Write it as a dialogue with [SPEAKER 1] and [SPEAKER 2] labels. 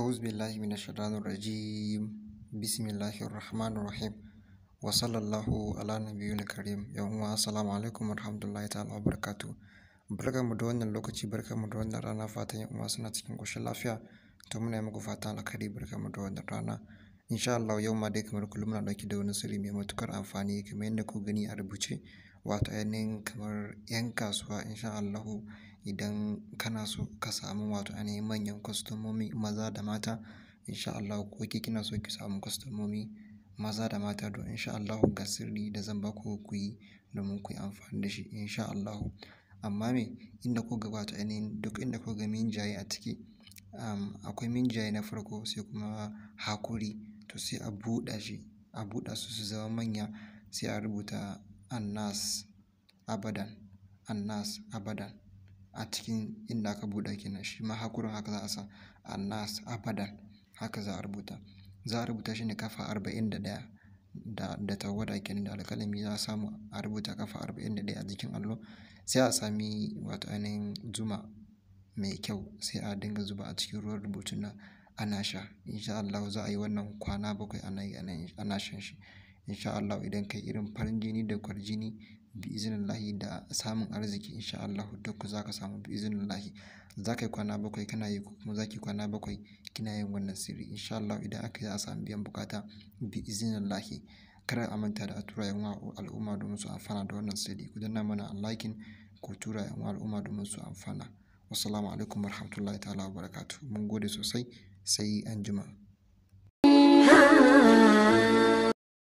[SPEAKER 1] أعوذ بالله من الشيطان الرجيم بسم الله الرحمن الرحيم وصلى الله على نبينا الكريم يوم السلام عليكم ورحمة الله تعالى وبركاته barkan mu da wannan lokaci barkan mu da wannan rana fatan yan uwa suna cikin koshin lafiya to muna muku fatan alkhairi barkan mu da wannan rana insha Allah yau ma dai kamar kullum muna dauki da wani sirri mai matukar amfani kamar yadda ku gani a rubuce wato ainihin kamar yan kasuwa insha idan kana so ka samu wato ainihin manyan kwastomomi maza da mata insha Allahu ko ke kina so ki samu kwastomomi maza da mata to insha Allahu ga sirri da zan baku ku yi domin ku yi amfani da shi insha Allahu. Amma me inda kuka ga wato ainihin duk inda kuka ga minjaye a ciki, um, akwai minjaye na farko sai kuma hakuri to sai a buɗa shi, a buɗa su su zama manya sai a rubuta annas abadan, annas abadan. a cikin inda aka buɗe kenan shi ma hakurin haka za a sa annas abadan haka za a rubuta za a rubuta shi ne kafa arba'in da ɗaya da da tawada kenan da alƙalami za a samu a rubuta kafa arba'in da ɗaya a jikin allo sai a sami wato ainihin zuma mai kyau sai a dinga zuba a cikin ruwan rubutun nan ana sha insha Allah za a yi wannan kwana bakwai ana yi ana shi insha Allah idan kai irin farin jini da kwarjini bi lahi da samun arziki insha Allah duk za ka samu bi lahi za ka yi kwana bakwai kana yi kuma za ki kwana bakwai kina yin wannan sirri insha Allah idan aka yi a samu biyan bukata bi lahi kar a manta da a tura yan al'umma domin su amfana da wannan sirri ku danna mana alaikin ku tura yan al'umma domin su amfana wasu alaikum warahmatullahi ta'ala barakatu mun gode sosai sai anjima